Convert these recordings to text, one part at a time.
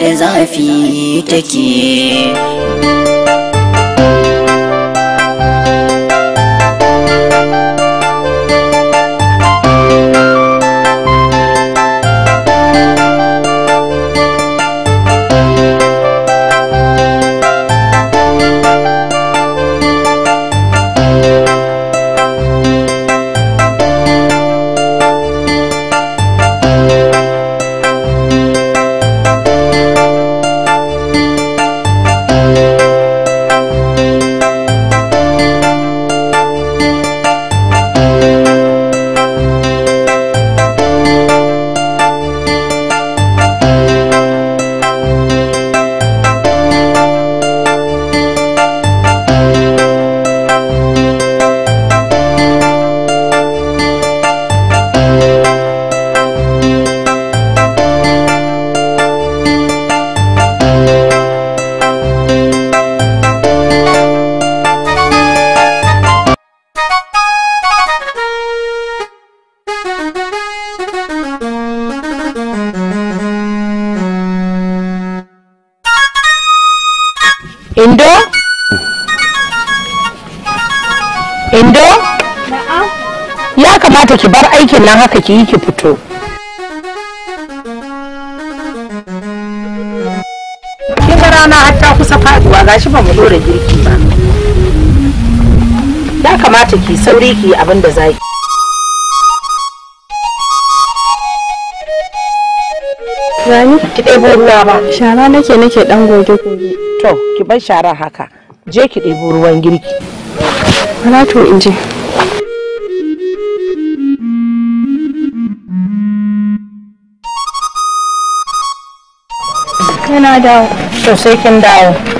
da zafi take nan haka ki yi ki fito kin rana har ta kusa faduwa gashi ba mu dora girki ba ya kamata ki sauri ki abin da zaki Rani? Ki ɗebo ruwa ba. Shara nake nake ɗan goge goge. To, ki bar shara haka. Je ki ɗebo ruwan girki. Ana to in je. And I don't. So she can die.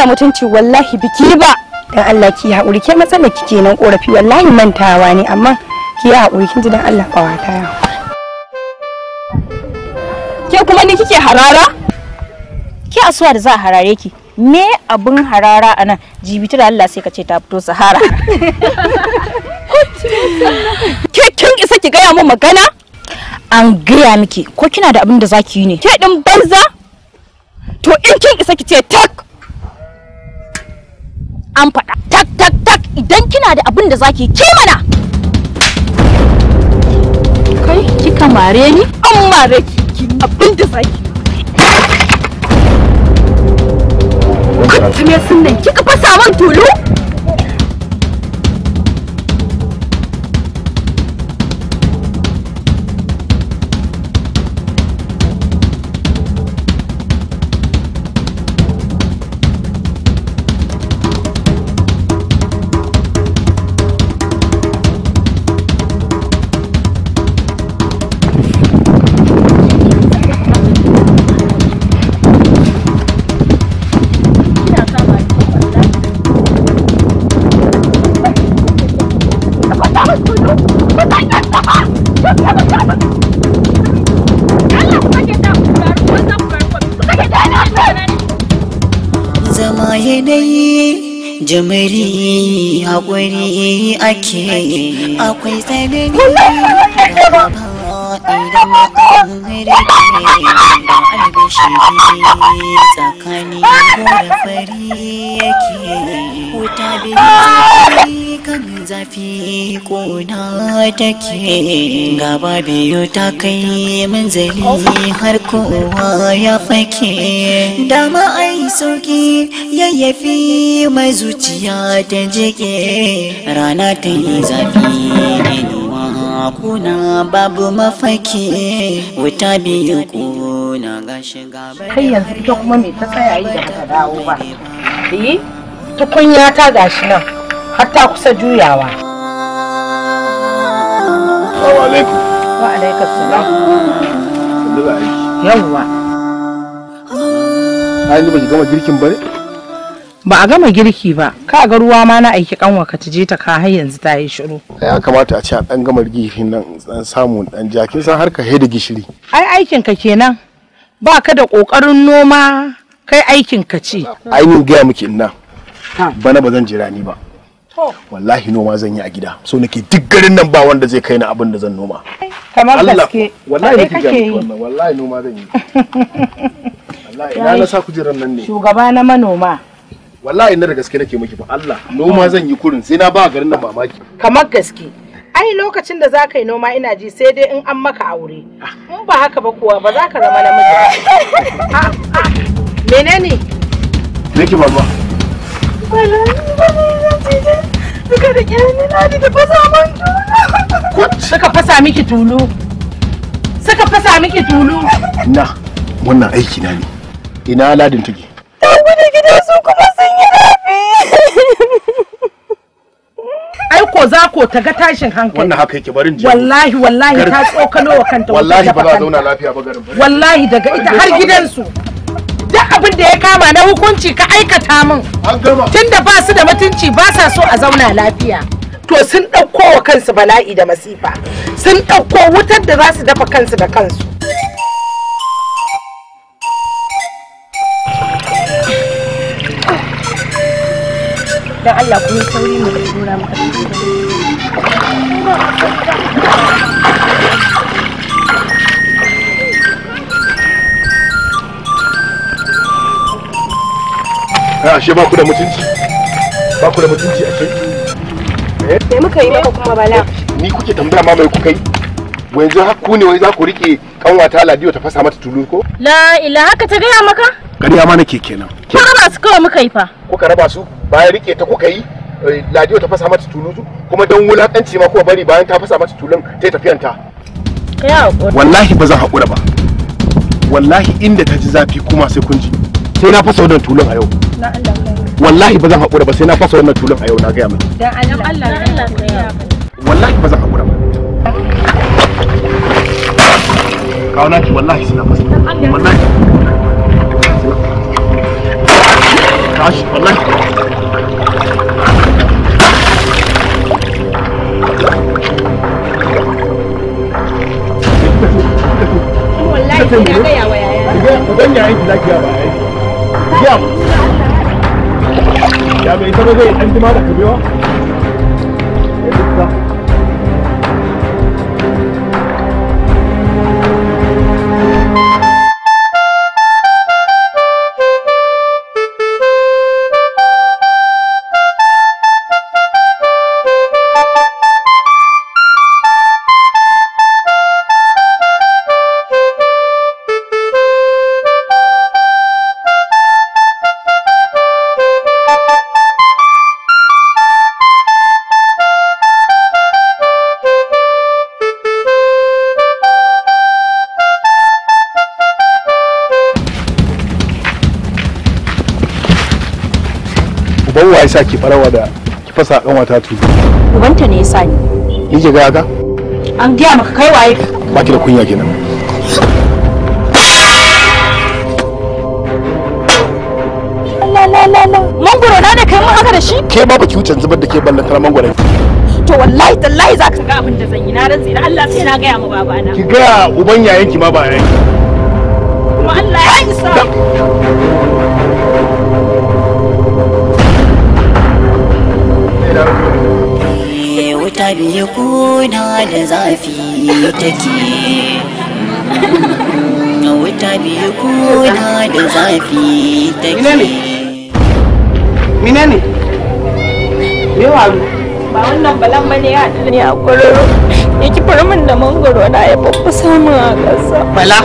kara mutunci wallahi biki ba dan Allah ki haƙuri ke matsalar ki kenan korafi wallahi mantawa ne amma ki yi haƙuri kin ji dan Allah kawata ya ke kuma ni kike harara ki asuwa da za a harare ki me abun harara anan jibita da Allah sai ka ce ta fito sahara ke kin isa ki gaya mu magana an gaya miki ko kina da abin da zaki yi ne ke din banza to in kin isa ki ce tak an faɗa tak tak tak idan kina da abin da zaki ki mana kai kika mare ni an mare ki abin da zaki kutume sun nan kika fasa man tulu ake dai jamari haƙuri ake akwai tsanani idan da tsakanin da fari yake wuta biyu kan zafi take gaba biyu ta kai manzali har kowa ya fake dama ai sauki fi mai zuciya ta jike rana ta yi zafi nuwa kuna babu mafaki wuta biyu kuna ga shiga kai yanzu ita kuma me ta tsaya yi da ta dawo ba eh, tukun ya ta gashi nan har ta kusa juyawa Assalamu alaikum. Wa alaikum salam. Yawwa. ba ki gama girkin ba ne? Ba a gama girki ba, ka ga ruwa ma na aiki kanwa ta je ta ka har yanzu ta yi shiru. Ya kamata a ce a dan gama girkin nan dan samu dan ja kin san harka da gishiri. Ai aikin ka kenan. Ba ka da kokarin noma kai aikin ka ce. Ai ni ga miki ina. Bana ba zan jira ni ba. Wallahi noma zan yi a gida. So nake duk garin nan ba wanda zai kai ni abin da zan noma. kamar gaske wallahi kake yi wallahi noma zan yi wallahi ina na sa kujerar nan ne shugaba na manoma wallahi ina da gaske nake miki fa Allah noma zan yi kurin sai na ba garin nan mamaki kamar gaske ai lokacin da za ka yi noma ina ji sai dai in an maka aure in ba haka ba kuwa ba za ka zama namiji ba ah, ah. menene nake baba Suka da ni ladi da fasa man tulu. Suka fasa miki tulu. Suka fasa miki tulu. Na, wannan aiki na ne. Ina ladin take? Ta gudu gidan su kuma sun yi rafi. Ai ko za ko ta ga tashin hankali. Wannan haka yake barin jiya. Wallahi wallahi ta tsokano wa kanta. Wallahi ba za zauna lafiya ba garin. Wallahi daga ita har gidansu. duk abin da ya kama na hukunci ka aikata min tunda ba su da mutunci ba sa so a zauna lafiya to sun ɗauko wa kansu bala'i da masifa sun ɗauko wutar da za su dafa kansu da kansu Allah kuma sauri mu da Ah, ashe ba ku da mutunci ba ku da mutunci ashe me muka yi maka kuma bala ni kuke tambaya ma mai kuka yi yanzu har ku ne wai za ku rike kanwata ladiyo ta fasa mata tulu ko la ila haka ta gaya maka ƙarya ma nake kenan kun raba su kawai muka yi fa kuka raba su bayan rike ta kuka yi eh, ladiyo ta fasa mata tulu kuma dan wulakanci ma kuka bari bayan ta fasa mata tulun ta yi tafiyanta wallahi ba zan haƙura ba wallahi inda ta ji zafi kuma sai kun ji sai na fasa wannan tulun a yau wallahi ba zan haƙura ba sai na fasa wannan tulun a yau na gaya mai wallahi ba zan haƙura ba kawana wallahi sai na fasa wallahi tashi wallahi wallahi sai na gaya wa yaya aiki aiki ya me hizo ba zai ɗan jima yasa ki farawa da ki fasa kan wata tu ubanta ne yasa ni ni ji ga haka an gaya maka kai waye ba ki da kunya kenan mangoro na da kai mun haka da shi ke ba ki wuce zubar da ke ballantar mangoro to wallahi tallahi za ka ga abin da zan yi na rantsi da Allah sai na gaya ma babana ki ga uban yayanki ma ba yayanki kuma Allah ya isa biyu kuna da zafi take wuta biyu kuna da zafi take mine me waru ba wannan balan bane ya haɗu a kwararo ya ki min da mangoro na ya babba samu a kasa bala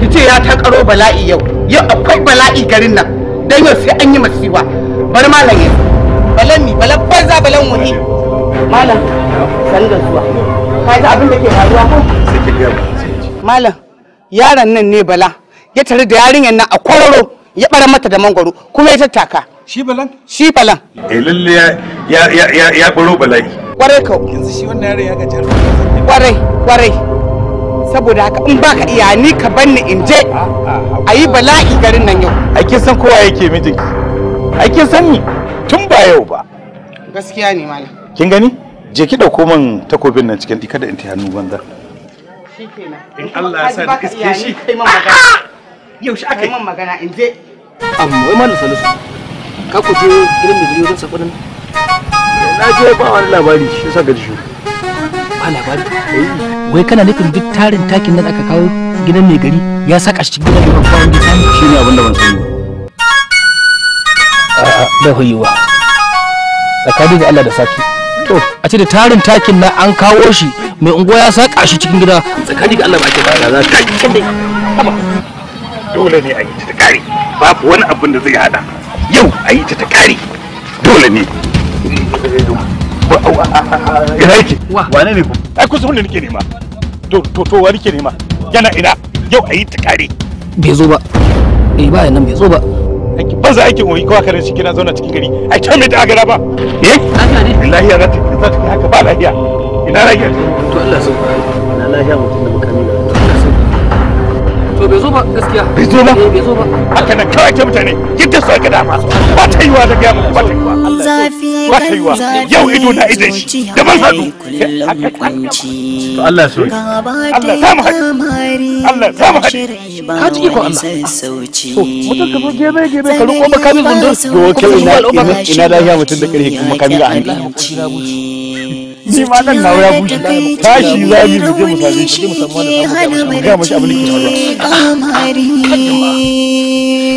kice ya ta karo bala'i yau yau akwai bala'i garin nan dan yau sai an yi masiwa bari malam ya balan ni balan banza balan wani malam san zuwa ga abin da ke faruwa ko sai ki ga malam yaron nan ne bala ya tare da yarinyar nan a kwararo ya bara mata da mangwaro kuma ya tattaka shi balan shi balan eh lalle ya ya ya ya baro bala'i kwarai ka yanzu shi wannan yaron ya gajar kwarai kwarai saboda haka in baka iya ni ka banni in je a yi bala'i garin nan yau ake san kowa yake mijinki ake san ni tun ba yau ba gaskiya ne malam kin gani je ki dauko min takobin nan cikin dika in ta hannu banza in Allah ya sa da iske shi kai man magana yau shi aka yi man magana in je amma wai mallam salisu ka ku je gidan da sa kudin na je ba wani labari shi sa gaji shi ba labari wai kana nufin duk tarin takin nan aka kawo gidan mai gari ya saka shi cikin gidan ba wanda sani shi ne abinda da ban sani ba da huyuwa tsakani da Allah da saki to a ce da tarin takin na an kawo shi mai unguwa ya saka shi cikin gida tsakani ga Allah ba ake da za ka yi dai dole ne a yi ta kare babu wani abin da zai hada yau a yi ta kare dole ne ga yake wane ne ku ai kusa wanda nake nema to to to wani ke nema yana ina yau a yi ta kare bai zo ba eh ba yana bai zo ba aiki banza aiki oyi kawai kare shi kina zauna cikin gari ai ta mai da ba eh haka ne billahi ya zata za ta haka ba lafiya ina lafiya to Allah sun ina lafiya mutum da mukami da to bai zo ba gaskiya bai zo ba eh, bai zo ba haka nan kawai ta mutane kidda su aka dama ba ta yiwa da ga ba ta yiwa ba ta yiwa yau ido na idan shi da ban hadu to Allah sun Allah Allah ka ji iko Allah to mutum ka gebe gebe ka riko makamin zundun ina da ya mutum da kuma kamin a ni ma nan na ya bushe tashi za mu je mu sabi shi mu samu da samu ga mu shi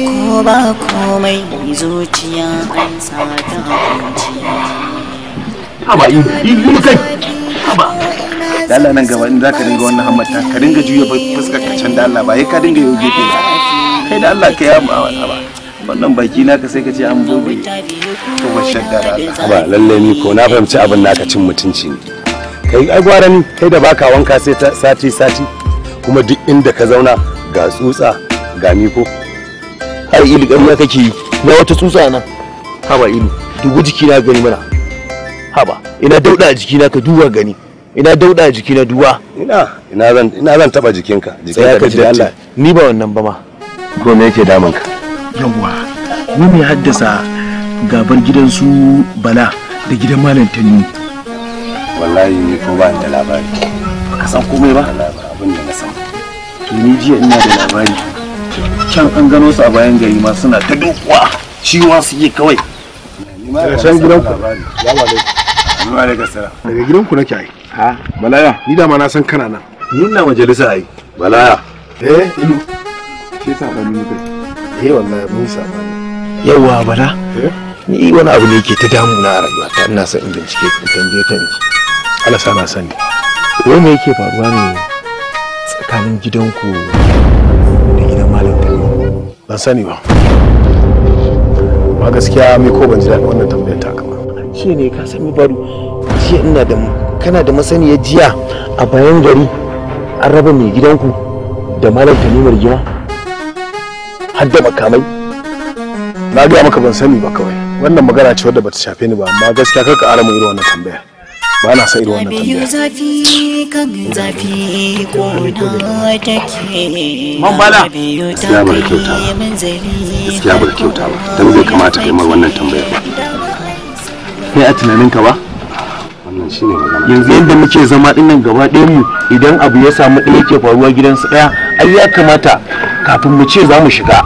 ko ba komai zuciya an sa ta hukunci aba yi yi kai da Allah nan gaba in za ka dinga wannan hammata ka dinga juya fuskar ka can da Allah ba ka dinga yau gefe ba kai da Allah ka yi ba wannan baki na ka sai ka ce an bobe to ba shakka da Allah ba lalle ni ko na fahimci abin naka cin mutunci ne kai ai gwaran kai da baka wanka sai sati sati kuma duk inda ka zauna ga tsutsa ga ni ko har ilu ƙarya kake yi na wata tsutsa na haba ilu dubu jikina gani mana haba ina dauda a jikina ka duba gani ina dauda jiki na duwa ina ina zan ina zan taba jikinka jikinka da Allah ni ba wannan ba ma ko me yake damun ka yawa ni mai haddasa gabar gidan su bala da gidan malam tani wallahi ni ko ba da labari ka san komai ba abin da na san to ni jiya ina da labari can an gano su a bayan gari ma suna ta dukwa ciwa su yi kawai ni ma da san gidan ku yawa dai Daga gidanku nake ai. ha balaya ni da ma na san kana nan ni na majalisa ai balaya eh ilu shi sa ba ni eh wallahi mun sa ba yawa bala eh? ni wani abu ne yake ta damu na a rayuwata ina son in bincike in tambaye ta miki Allah na sani wai me yake faruwa ne tsakanin gidanku da gidan malam Talma ban sani ba ma gaskiya mai ko ban ji daɗin wannan tambayar ta jiya ne ka sami baro jiya ina da kana da masaniya jiya a bayan gari an raba mai gidanku da malam tanimar gima har da makamai na gaya maka ban sani ba kawai wannan magana ce wadda bata shafe ni ba amma gaskiya kar ka ƙara mu irin wannan tambaya ba na san irin wannan tambaya zafi kan zafi ko na take man bala gaskiya ba kyauta ba gaskiya ba kyauta ba dan bai kamata kai mar wannan tambaya ba kai a tunaninka ba yanzu yadda muke zama dinnan gaba mu idan abu ya samu ɗaya ke faruwa gidansu ɗaya ai ya kamata kafin mu ce za mu shiga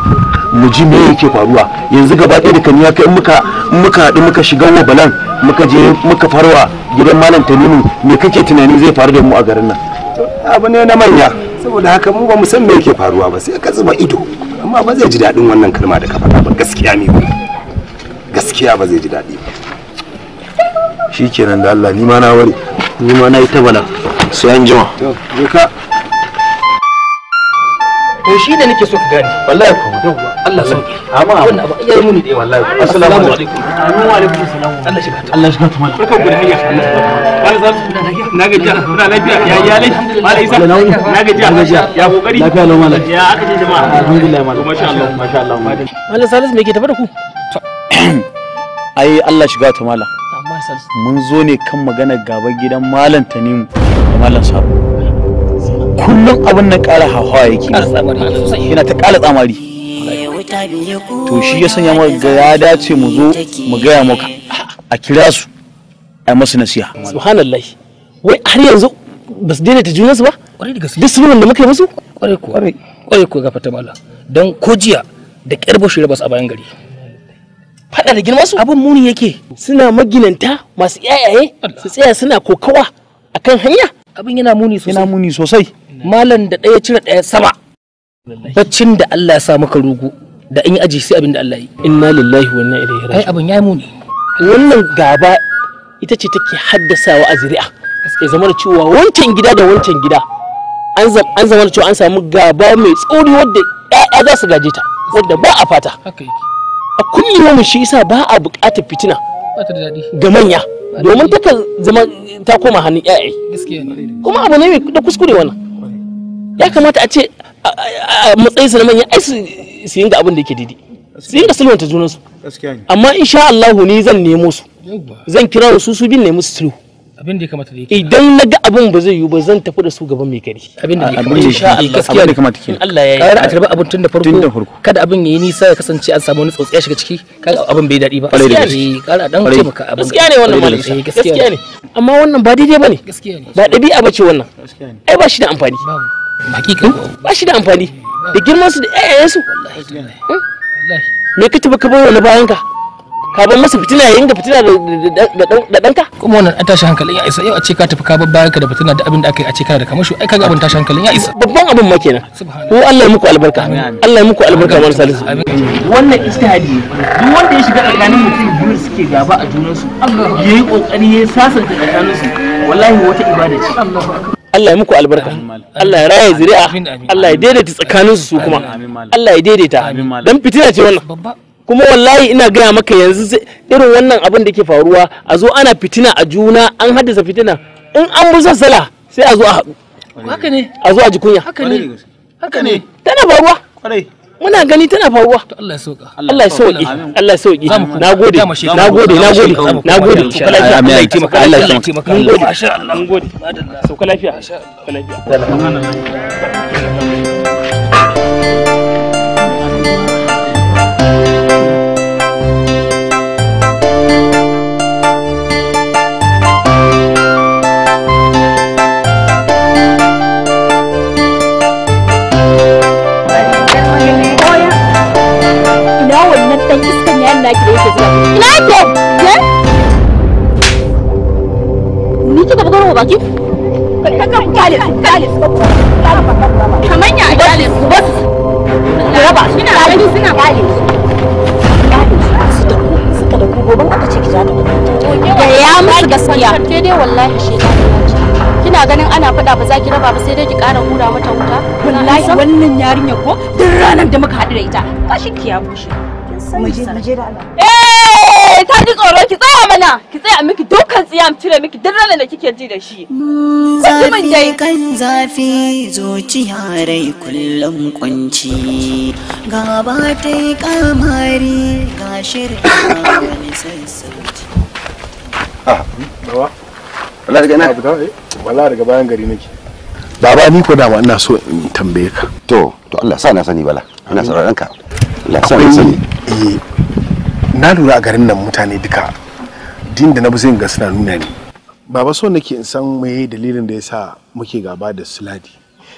mu ji me yake faruwa yanzu gaba ɗaya da kan ya kai muka muka haɗu muka shiga wa balan muka je muka farwa gidan malam tanimu me kake tunani zai faru da mu a garin nan abu ne na manya saboda haka mu ba mu san me yake faruwa ba sai ka zuba ido amma ba zai ji daɗin wannan kalma da ka faɗa ba gaskiya ne gaskiya ba zai ji daɗi ba shi kenan da Allah ni ma na ware ni ma na yi ta bala sai an jima je ka to shi da nake so ka gani wallahi ko yawwa Allah sauki amma wannan abu ayyar muni dai wallahi assalamu alaikum amma wa alaikum assalam Allah shi gata Allah shi gata mallam barka ku da hayya Allah wani za su na gajiya na lafiya ya ya lafi mallam sa na gajiya ya kokari lafiya lau mallam ya aka ce jama'a alhamdulillah mallam masha Allah masha Allah mallam Salisu me ke tafa da ku ai Allah shi gata mallam mun zo ne kan maganar gaban gidan malam tanimu da malam sabo kullum abin na kara hawa yake yana ta ƙara tsamari to shi ya sanya mu ga ya dace mu zo mu gaya maka a kira su a masu nasiha subhanallahi wai har yanzu ba su daina ta su ba duk sunan da muka yi musu kwarai ko kwarai ko ga fata mala dan ko jiya da kyar bashi rabas a bayan gari faɗa da girman su abin muni yake suna maginanta masu yayaye su tsaya suna kokawa akan hanya abin yana muni sosai yana muni sosai malam da ɗaya cire ɗaya sama baccin da Allah ya sa maka rugu da in yi aji sai abin da Allah yi inna lillahi wa inna ilaihi raji'un ai abin ya muni wannan gaba ita ce take haddasawa a zuri'a ya zama da cewa wancan gida da wancan gida an zama da cewa an samu gaba mai tsori wadda 'ya'ya za su gaje ta wadda ba a fata a kulle mu shi yasa ba a buƙatar fitina ga manya domin ta zama ta koma hannun yayaye kuma abu ne da kuskure wannan ya kamata a ce a matsayin su na manya ai su yin ga abin da yake daidai su yin ga sulhunta junansu amma insha Allah ne zan nemo su zan kira su su bin nemi su sulhu abin da ya kamata idan na ga abin ba zai yiwu ba zan tafi da su gaban mai gari abin da ya kamata insha Allah gaskiya ne kamata kenan Allah ya yi a tarbi abin tun da farko kada abin ya yi nisa ya kasance an samu wani tsotsiya ya shiga ciki kaga abin bai daɗi ba gaskiya ne kara dan maka abin gaskiya ne wannan malam gaskiya ne amma wannan ba daidai bane gaskiya ne ba ɗabi'a ce wannan Gaskiya ne. ai ba shi da amfani hakika hmm? ba shi da amfani da girman su da ƴaƴayen su hmm? wallahi me ka taba ka bayyana bayan ka ka bar masa fitina yayin da fitina da ɗanka. kuma wannan an tashi hankalin ya isa yau a ce ka tafi ka bar ka da fitina da abin da aka yi a ce ka da shi. ai kaga abin tashi hankalin ya isa babban abin ma kenan ko Allah ya muku albarka Allah ya muku albarka wani salisu wannan istihadi duk wanda ya shiga tsakanin mutum biyu suke gaba a junansu yayi kokari ya sasanta tsakaninsu wallahi wata ibada ce Allah ya muku albarka Allah ya raya zuri'a Allah ya daidaita tsakaninsu su kuma Allah ya daidaita dan fitina ce wannan kuma wallahi ina gaya maka yanzu irin wannan abin da ke faruwa a zo ana fitina a juna an haddasa fitina in an busa sala sai a zo a haɗu a zo a ji kunya haka ne haka ne tana faruwa muna gani tana faruwa Allah ya sauka Allah ya Allah ya sauki nagode nagode nagode nagode insha Allah Allah ya maka Allah ya taimaka gode Allah gode madalla sauka lafiya Allah lafiya faɗa ba za ki raba ba sai dai ki kara hura mata wuta wallahi wannan yarinya ko duk ranar da muka haɗu da ita kashin ki ya bushe muje muje da Allah eh ta ji tsoro ki tsaya mana ki tsaya miki dukan tsiya mu tire miki duk ranar da kike ji da shi zafi kan zafi zuciya rai kullum kunci gaba ta yi kamari ga shirin wani sassauci ah bawa hmm, Allah daga na wallahi daga bayan gari nake baba ni ko dama ina so in tambaye ka to to Allah sa na sani bala ina sauraron ka Allah sa na sani eh na lura a garin nan mutane duka din da na bi ga suna nuna ni baba so nake in san me dalilin da yasa muke gaba da Suladi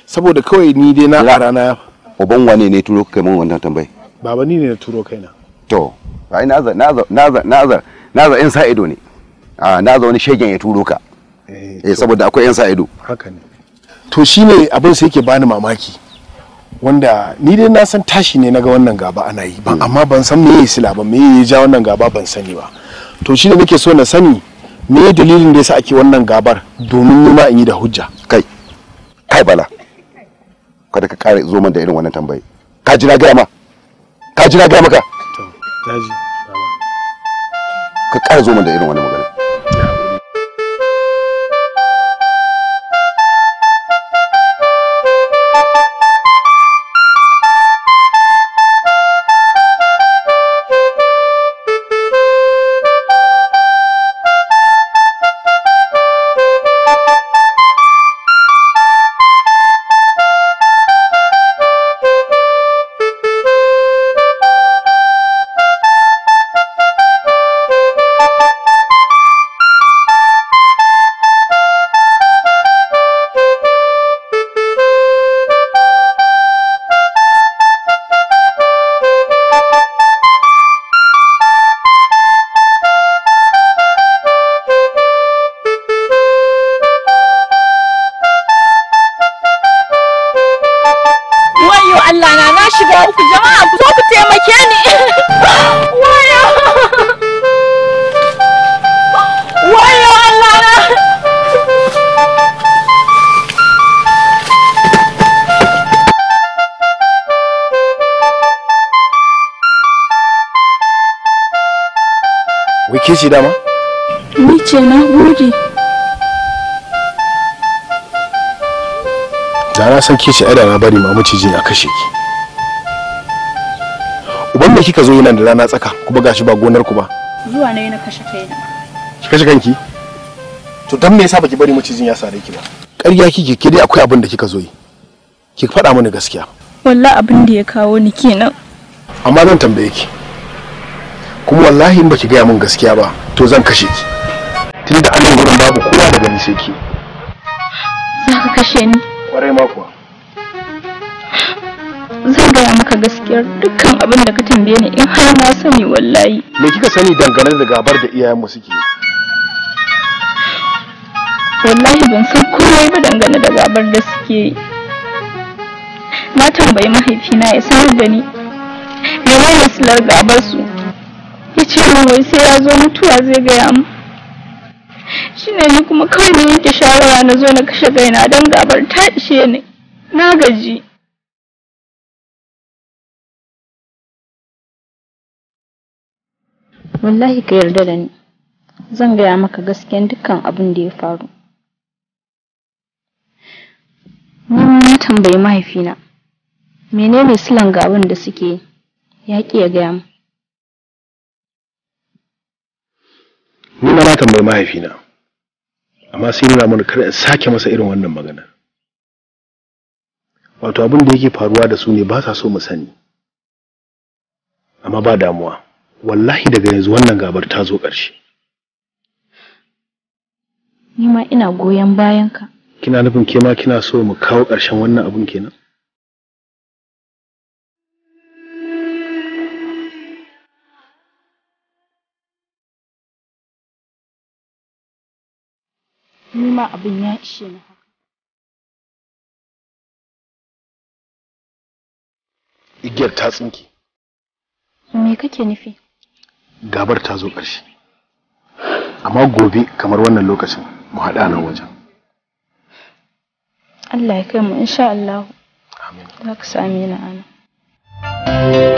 saboda kawai ni dai na a rana uban wane ne turo kai mun wannan tambaye baba ni ne na turo kaina to ai na za na za na za na in sa ido ne ah, na za wani shegen ya turo ka eh, eh saboda akwai yan sa ido haka ne to shine abin sai yake bani mamaki wanda ni dai na san tashi ne naga wannan gaba ana yi ba hmm. amma ban san me yayi sila ba me yayi ja wannan gaba ban sani ba to shi da nake so na sani me dalilin da yasa ake wannan gabar domin ni ma in yi da hujja kai kai bala kada ka kare zo man da irin wannan tambaye ka ji na gaya ma ka ji na gaya maka to ka kare zo man da irin wannan magana ke dama? Ni ce na gode. Da na san ke ai da na bari ma macijin a kashe ki. Uban da kika zo yana da rana tsaka kuma gashi ba gonar ku ba. Zuwa na na kashe kaina. Ki kashe kanki? To dan me yasa baki bari macijin ya sare ki ba? Ƙarya kike ke dai akwai abin da kika zo yi. Ki faɗa mana gaskiya. Wallahi abin da ya kawo ni kenan. Amma zan tambaye ki. kuma wallahi in baki gaya min gaskiya ba to zan kashe ki tun da anan gurin babu kowa da gani sai ki za ka kashe ni kwarai ma kuwa zan gaya maka gaskiyar dukkan abin da ka tambaye ni in har na sani wallahi me kika sani dangane da gabar da iyayenmu suke wallahi ban san komai ba dangane da gabar da suke na tambayi mahaifina ya sanar da ni menene silar gabar su nan mai sai ya zo mutuwa zai gaya mu ne ni kuma kawai na yanke shawara na zo na kashe gaina don gabar ta ishe ni na gaji wallahi ka yarda da ni zan gaya maka gaskiyan dukkan abin da ya faru na tambayi mahaifina menene silan ga abin da suke yaƙi ya gaya mu ni na tambayi mahaifina amma sai nuna mana kar in sake masa irin wannan magana wato abin da yake faruwa da su ne ba sa so mu sani amma ba damuwa wallahi daga yanzu wannan gabar ta zo ƙarshe ni ma ina goyon bayanka kina nufin ke ma kina so mu kawo ƙarshen wannan abun kenan ma abun ya ishe ni haka. Igiyar ta tsinke. Me kake nufi? Gabar ta zo ƙarshe. Amma gobe kamar wannan lokacin mu haɗa nan wajen. Allah ya kai mu insha Allah. Amin. Za ka sami ni ana.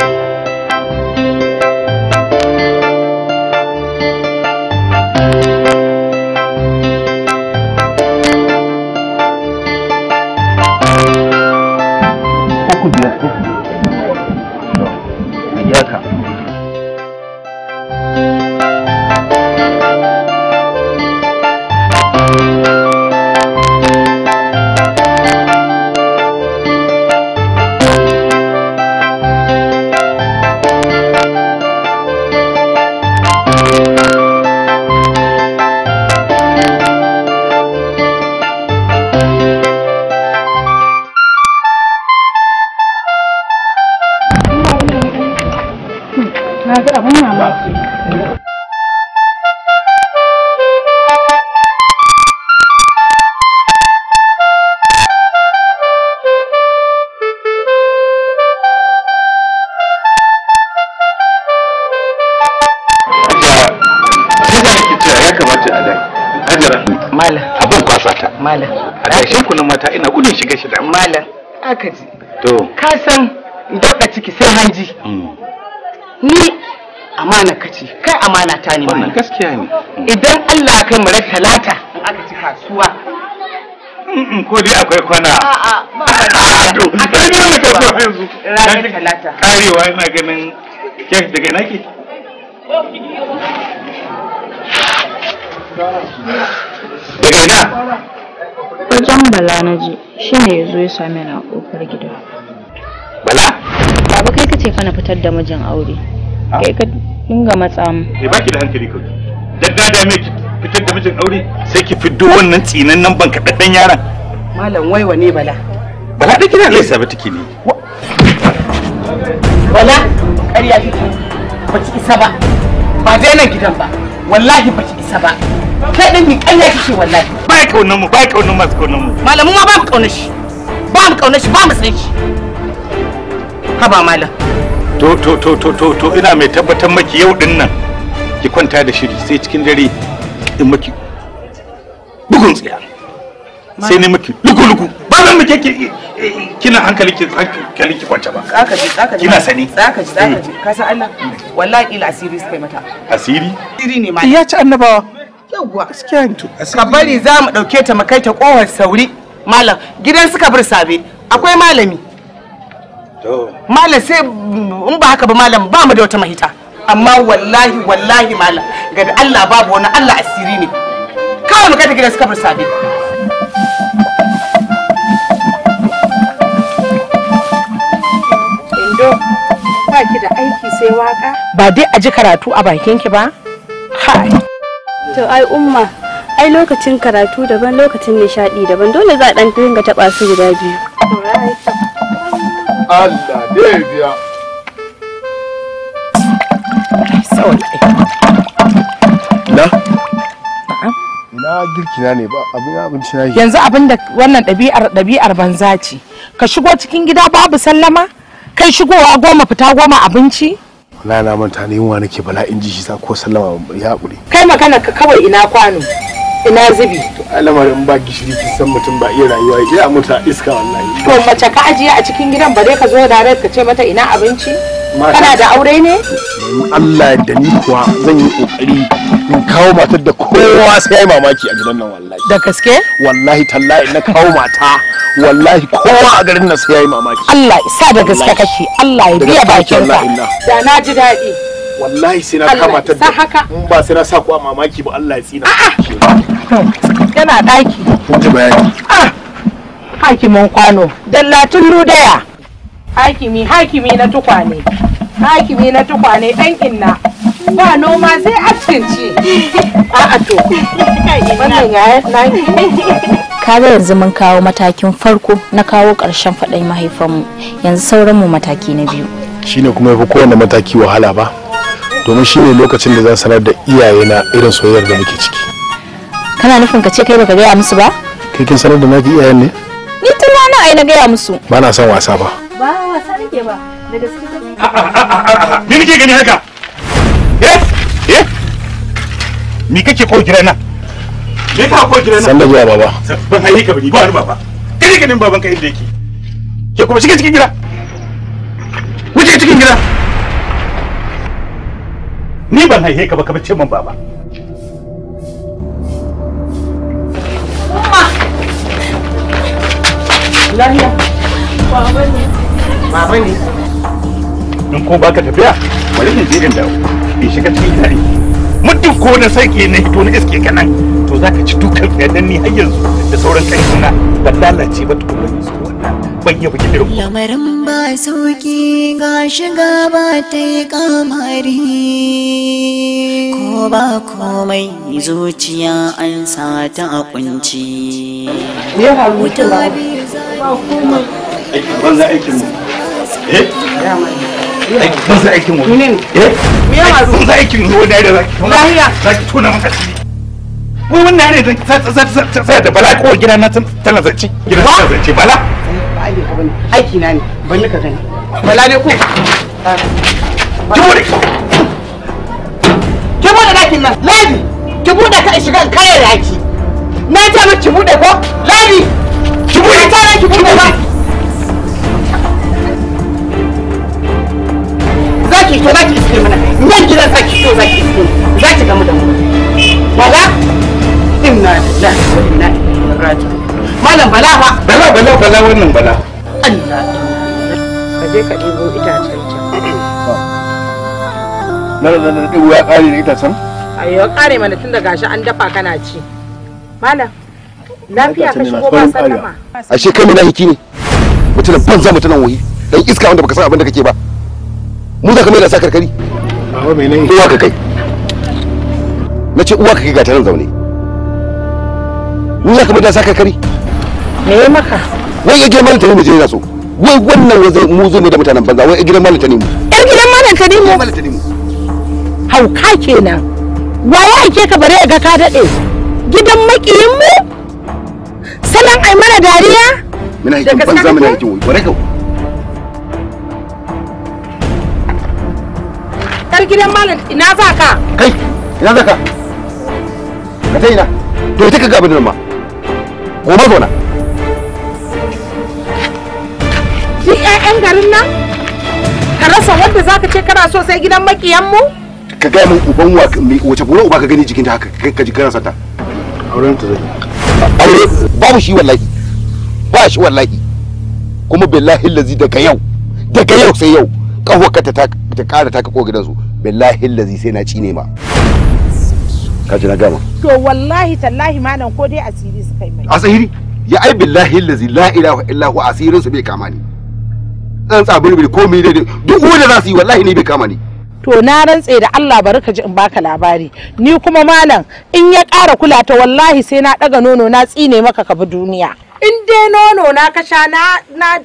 Hajara. Malam. Abin ta. A ƙarshen ku mata ina gudun shiga shi da. Aka ji. To. Ka san dauɗa ciki sai hanji. Mm. Ni amana kace kai amana ta ne wannan gaskiya ne mm. idan Allah ya kai mu talata in aka ci kasuwa ko dai akwai kwana a'a ba ah, to ka yanzu talata karewa ina ganin kek daga naki. daga ina wajen bala na ji shi ne ya zo ya same ni ƙofar gida bala baba kai kace fa na fitar da mijin aure ah. kai ka dinga matsa mu eh baki da hankali kawai dan da da miki fitar da mijin aure sai ki fiddo wannan tsinan nan banka daddan yaran malam waiwa ne bala bala da kina laisa ba take ne bala ƙarya kike ba ki isa ba ba dai nan gidan ba wallahi ba ki isa ba kai din mi kanya kike wallahi ba ya kaunar mu ba ya kaunar masu kaunar mu malamu ma ba mu kaunar shi ba mu shi ba mu san shi haba malam to to to to to to ina mai tabbatar maki yau din nan ki kwanta da shiri sai cikin dare in maki bugun tsaya sai ne maki lugu-lugu ba zan muke kina hankali ki hankali ki kwanta ba tsaka ji tsaka ji kina sani tsaka ji tsaka mm. ji ka san Allah mm. wallahi ila asiri suka mata asiri asiri ne ma ya ci annabawa yawwa gaskiya to ka bari za mu ɗauke ta makai ta kohar sauri malam gidan suka bir sabe akwai malami malam sai in ba haka ba malam ba mu da wata mahita amma wallahi wallahi malam ga Allah babu wani Allah asiri ne kawai mu kai ta gidan suka bir sabe ba ki da aiki sai waka? Ba dai a ji karatu a bakin ki ba? Hai. to ai umma ai lokacin karatu daban lokacin nishadi daban dole za a dan dinga taba su guda biyu Allah dai biya na girki na ne ba abin abinci na yanzu abin da wannan ɗabi'ar ɗabi'ar banza ce ka shigo cikin gida babu sallama kai shigowa goma fita goma abinci wallahi na manta ne yunwa nake in ji shi ko sallama ya hakuri kai magana ka kawai ina kwano ina zubi to alamarin ba gishiri ki san mutum ba iya rayuwa ya a mutu iska wallahi to mace ka ajiye a cikin gidan ba dai ka zo da ka ce mata ina abinci kana da aure ne Allah da ni kuwa zan yi kokari in kawo matar da kowa sai ai mamaki a gidan nan wallahi da gaske wallahi tallahi na kawo mata wallahi kowa a garin nan sai ai mamaki Allah isa da gaske kake Allah ya biya bakin ka da na ji daɗi wallahi sai na kama ta da in ba sai na sa ku a mamaki ba Allah ya tsina yana daki ji bayani ah. hakimin kwano dallatin ludaya hakimi hakimi na tukwane hakimi na tukwane dan inna ba noma sai absinci a'a to wannan ya na kaga yanzu mun kawo matakin farko na kawo ƙarshen faɗai mahaifanmu yanzu sauranmu mataki na biyu shine kuma ya fi kowane mataki wahala ba domin shi ne lokacin da zan sanar da iyaye na irin soyayyar da muke ciki kana nufin ka ce kai baka gaya musu ba kai kin sanar da naki iyayen ne ni tun rana ai na gaya musu ba na son wasa ba ba wasa nake ba da gaske ni nake gani haka eh ni kake ko na me ka ko na san da zuwa baba ban haye ka bani ba ni baba kai ganin baban ka inda yake ke kuma shiga cikin gida wuce cikin gida ni ban haihe ka ba ka bace min baba lafiya baba ne baba ne ko baka tafiya bari ne je in dawo in shiga cikin gari muddin ko na sai ne to na iske kanan to za ka ci dukan fiye ni har yanzu da sauran kai suna ban lalace ba tukunan ban baki da irin lamarin ba sauki ga shiga ba ta yi kamari ko ba komai zuciya an sa ta a kunci ya faru ta ba komai banza aikin mu eh banza aikin mu ne eh me ya faru banza aikin mu da da zaki lahiya zaki tona maka wai wannan ne zan zai da bala ko gidan na tana zance Gidan na zance bala aikin ka bane aiki na ne ban ka gani bala ne ku ki bude dakin nan ki bude ka shiga in kare na ta ki ko ki bude ta ki bude ba zaki zaki mana nan gidan zaki zaki da mu wala inna lillahi wa inna ilaihi malam bala fa bala bala bala wannan bala Allah ka je ka ɗebo itacen can na na na ɗebo ya ƙare da itacen ayo ƙare mana tun da gashi an dafa kana ci malam lafiya ka shigo ba sallama ashe kai mana hiki ne mutumin banza mutumin wahi dan iska wanda baka san abin da kake ba mu za ka mai da sa karkari baba mai nayi uwa ka kai na ce uwa ka kai ga ta nan zaune mu za ka mai da sa karkari me ya maka wai ya girman ta ne je yana so wai wannan wai mu zo ne da mutanen banza wai gidan malam ta ne mu yar gidan malam ta ne mu hauka kenan waye ake ka bare ga ka dade gidan makiyin mu sanan ai mana dariya muna hikin banza muna hikin wai bare ka yar gidan malam ina za ka kai ina za ka ka ta ina to ita ka ga abin nan ma gobe zo na 'yan garin nan ka rasa wanda zaka ce kana so sai gidan makiyan mu ka gaya min uban wa wace gona uba ka gani jikin ta haka ka ji kana sata auren ta zai aure babu shi wallahi ba shi wallahi kuma billahi lazi daga yau daga yau sai yau ka ta ta kara ta kako gidansu billahi lazi sai na cine ma ka ji na gama to wallahi tallahi malam ko dai asiri su yi mai asiri ya ai billahi lazi la ilaha illa hu asirin su bai kama ni tsantsa bilbil ko mi duk wanda za su yi wallahi ne bai kama ni to na rantse da Allah bari ka ji in baka labari ni kuma malam in ya ƙara kula ta wallahi sai na ɗaga nono na tsine maka ka bi duniya in dai nono na kasha na na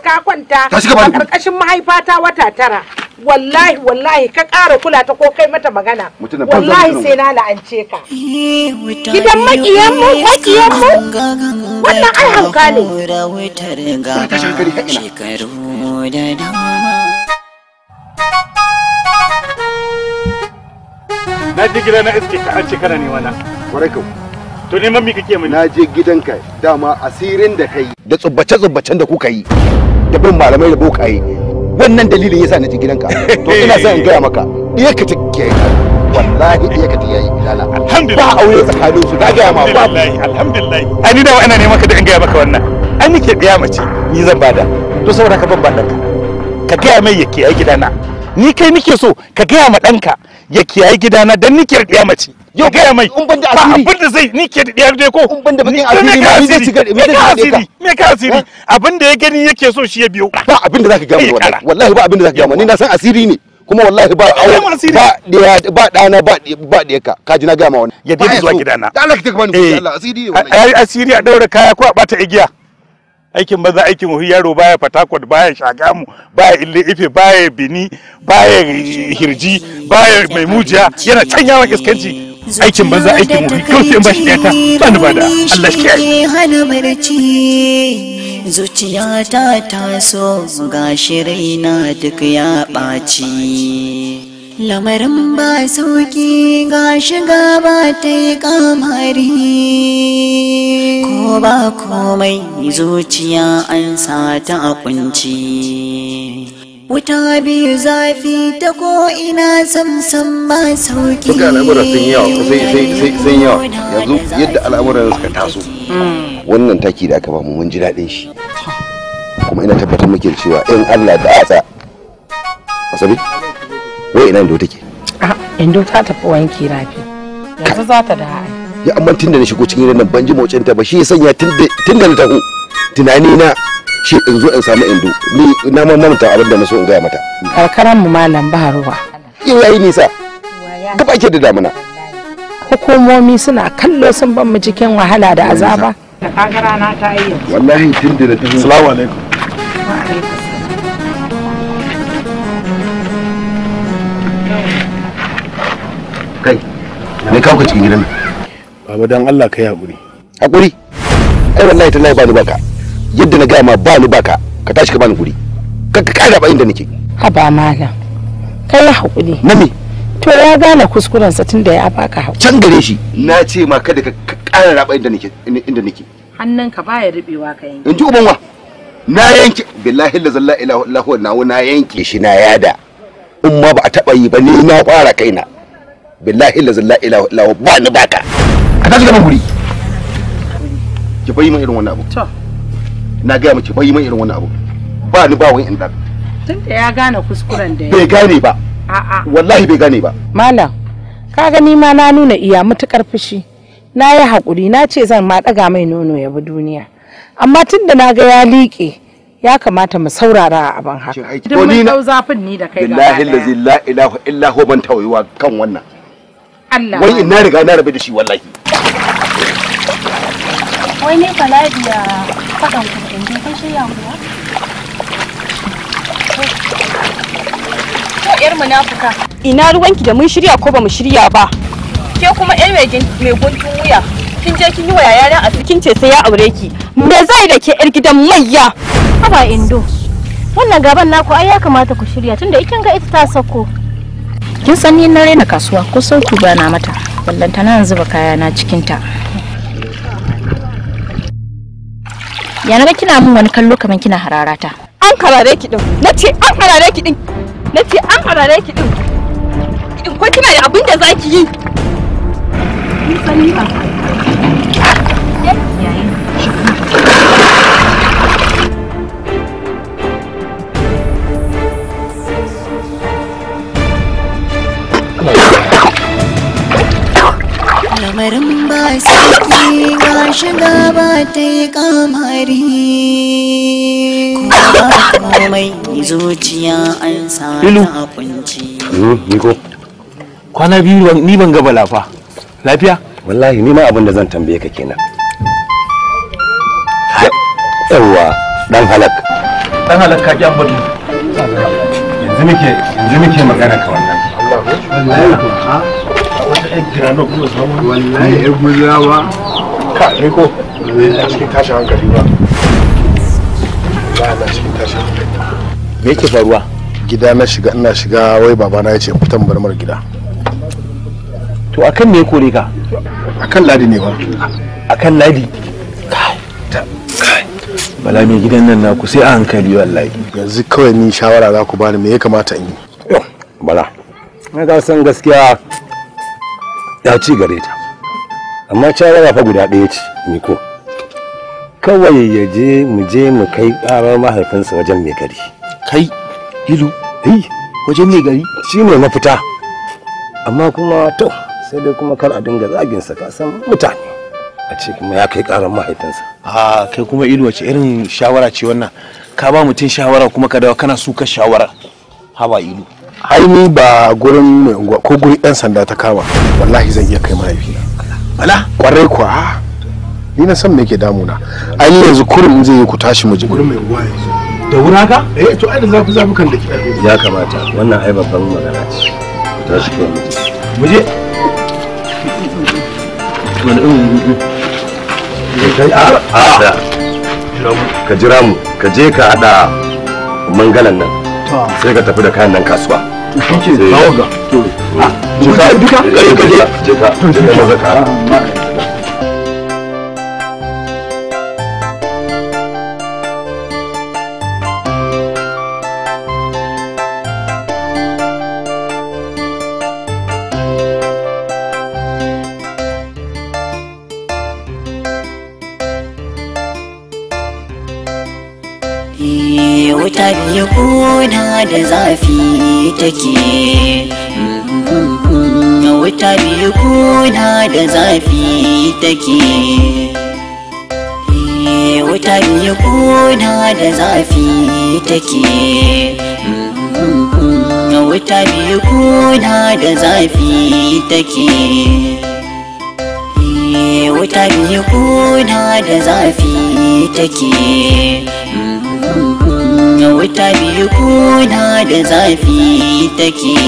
ka kwanta a karkashin ta wata tara wallahi wallahi ka ƙara kula ta ko kai mata magana wallahi sai na la'ance ka gidan makiyan mu makiyan mu wannan ai hauka ne na ji gida na iske ka an shekara ne wala. kwarai kau to neman mi kake mani na je gidanka dama asirin da kai da tsubbace tsubbacen da kuka yi da bin malamai da bokaye wannan dalilin yasa na je gidanka to ina son in gaya maka iya ka take wallahi iya ka take yayi lala. alhamdulillah ba aure tsakanin su na gaya ma ba alhamdulillah ai ni da wa ne maka ka da in gaya maka wannan ai nake gaya mace ni zan bada to saboda ka ban badanka ka gaya mai yake ai gidana ni kai nike so ka gaya ma danka ya ai gidana dan nike riya mace yau gaya mai ba abinda zai ni ke da dai ko in banda bakin asiri ma me ka asiri me ka asiri abin ya gani yake so shi ya biyo ba abinda da zaka ga mu wallahi wallahi ba abinda da zaka ga ni na san asiri ne kuma wallahi ba ba ba dana ba ba diyarka ka ji na ga ma wannan ya dai zuwa gidana da Allah ka take bani eh. Allah asiri ne asiri a daura kaya ko a bata igiya aikin maza aikin wuri yaro baya fatakwat baya shagamu baya ille ife baya bini baya hirji baya mai mujiya yana can yawon iskanci aikin banza aikin mu kawai sai ba da Allah shi zuciyata ta so ga raina duk ya ɓaci lamarin ba sauki ga shiga ba ta yi kamari ko ba komai zuciya an sa ta kunci Wuta biyu zafi ta ko sam samsam ma sauki. Duka al'amura sun yi yawa sun yawa yanzu yadda al'amuran suka taso. Wannan taki da aka bamu mun ji daɗin shi. Kuma ina tabbatar muke cewa in Allah da atsa. Asabi, wai ina indo take? A ah, indo ta tafi wanki rafi. Yanzu za ta da Ya amma tun da na shigo cikin nan ban ji ta ba shi ya sanya tun da na taho tunani na ce in zo in samu indo ni na mamanta abin da na so in gaya mata karkaran mu malam baharuwa ruwa in yayi nisa gaba ke da damuna hukumomi suna kallo sun ban mu cikin wahala da azaba kakara na ta yi wallahi tun da ta assalamu alaikum kai ne kawo cikin gidan baba dan Allah kai hakuri hakuri ai wallahi tallahi ba ni baka yadda na gaya ma ba ni baka ka tashi ka bani guri ka ka kara bayin inda nake haba malam kai hakuri mami to ya gane kuskuren tun da ya baka hakuri can gare shi na ce ma kada ka kara raba inda nake inda nake hannun ka baya rubewa ka yanke in ji uban wa na yanke billahi la zalla ila lahu na na yanke shi na yada in ma ba a taba yi ba ni na fara kaina billahi la zalla ila lahu ba ni baka ka tashi ka bani guri ki bayyana irin wannan abu to na gaya miki bai mai irin wani abu ba ni ba wani inda tunda ya gane kuskuren da bai gane ba a'a wallahi bai gane ba malam ka gani ma na nuna iya mutukar fushi na yi hakuri na ce zan ma ɗaga mai nono ya bi duniya amma tunda na ga ya liƙe ya kamata mu saurara a abin haka duk mun dau zafin ni da kai gaba billahi allazi la ilaha illa huwa ban tawayewa kan wannan Allah wai ina riga na rabe da shi wallahi wai ne fa lafiya fadan ku yanzu kai shirya Ko yar munafuka. Ina ruwanki da mun shirya ko ba mu shirya ba. Ke kuma yar mai guntun wuya. Kin je kin yi wa yayana a cikin ce sai ya aure ki. Me zai da ke yar gidan mayya? Haba Indo. Wannan gaban naku ai ya kamata ku shirya tunda ikin ga ita ta sako. Kin san ni na raina kasuwa ko sauki ba na mata. zuba yanzu ba cikin ta ya naga kina mun wani kallo kamar kina hararata an karare ki din nace an karare ki din nace an karare ki din in ko kina da abin da zaki yi ni sani kamarin ba sauki ga shiga ba ta yi kamari kuma mai zuciya an sa ta kunci niko kwana biyu ni ban gaba lafa lafiya wallahi ni ma abin da zan tambaye ka kenan yawa dan halak dan halak ka kyan batu yanzu muke yanzu muke magana ka wannan Allah yar ka a cikin me ke faruwa gida na shiga ina shiga wai babana ya ce fitan barmar gida to akan me kore ka akan ladi ne ba akan ladi bala mai gidan nan naku sai a hankali wallahi yanzu kawai ni shawara za ku bani me ya kamata in yi bala na ga san gaskiya ta ci gare ta amma shawara fa guda ɗaya ce miko kawai ya je mu je mu kai ƙarar mahaifinsa wajen mai gari kai ilu eh. wajen mai gari shi ne mafita amma kuma to sai dai kuma kar a dinga zaginsa ka san mutane a ce kuma ya kai ƙarar mahaifinsa a kai kuma ilu wace irin shawara ce wannan ka ba mutum shawara kuma ka dawo kana suka shawara haba ilu ai ni ba gurin mai unguwa ko gurin yan sanda ta kama wallahi zan iya kai mahaifina bala kwarai kuwa ni na san me ke damuna ai yanzu kurin zai yi ku tashi mu ji gurin mai unguwa yanzu da wura ka eh to ai da zafi zafi kan da ke ya kamata wannan ai babban magana ce tashi ku mu je mu je ka jira mu ka je ka hada mangalan nan sai ka tafi da kayan nan kasuwa shi ke kawo ga to duka duka je ka je ka je ka da zafi take wuta biyu kuna da zafi take eh, wuta biyu kuna da zafi take wuta biyu kuna da zafi take eh, wuta biyu kuna da zafi take wuta biyu kuna da zafi take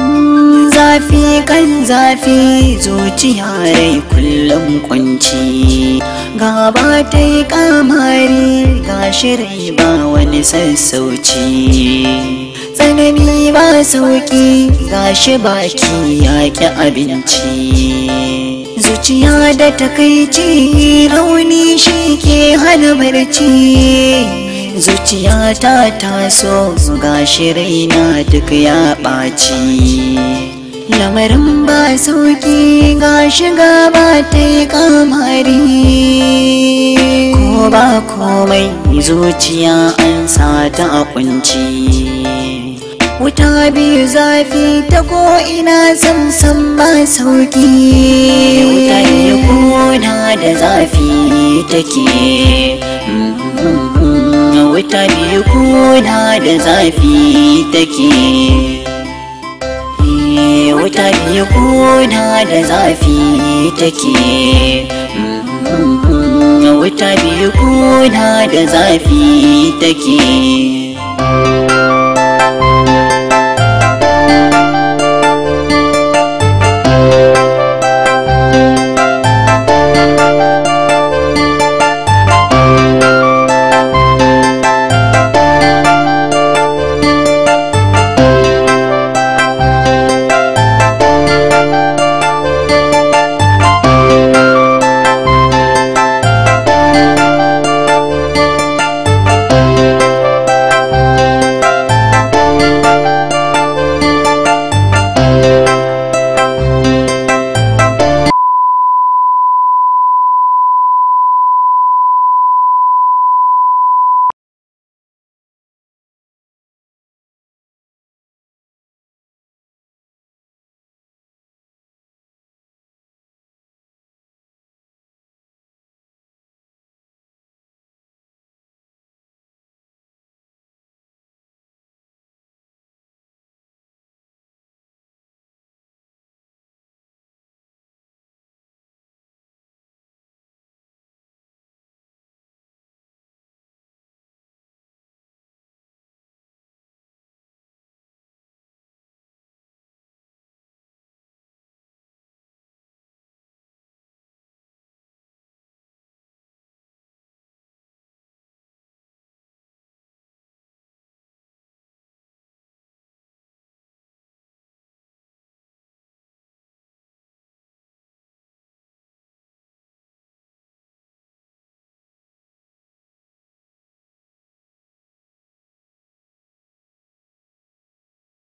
mm, zafi kan zafi zuciya rai kullum kwanci gaba ta yi kamari ga shirai ba wani sassauci tsanani ba sauki gashi baki yaƙi abinci zuciya da takaici rauni shi ke hana barci zuciya ta taso gashi raina duk ya ɓaci lamarin ba sauki ga shi gaba ta yi kamari ko ba komai zuciya an sata ta a kunci wuta biyu zafi ta ko'ina san ba sauki wuta biyu kona da zafi take wuta biyu kona da zafi take wuta biyu kona da zafi take wutar biyu kona da zafi take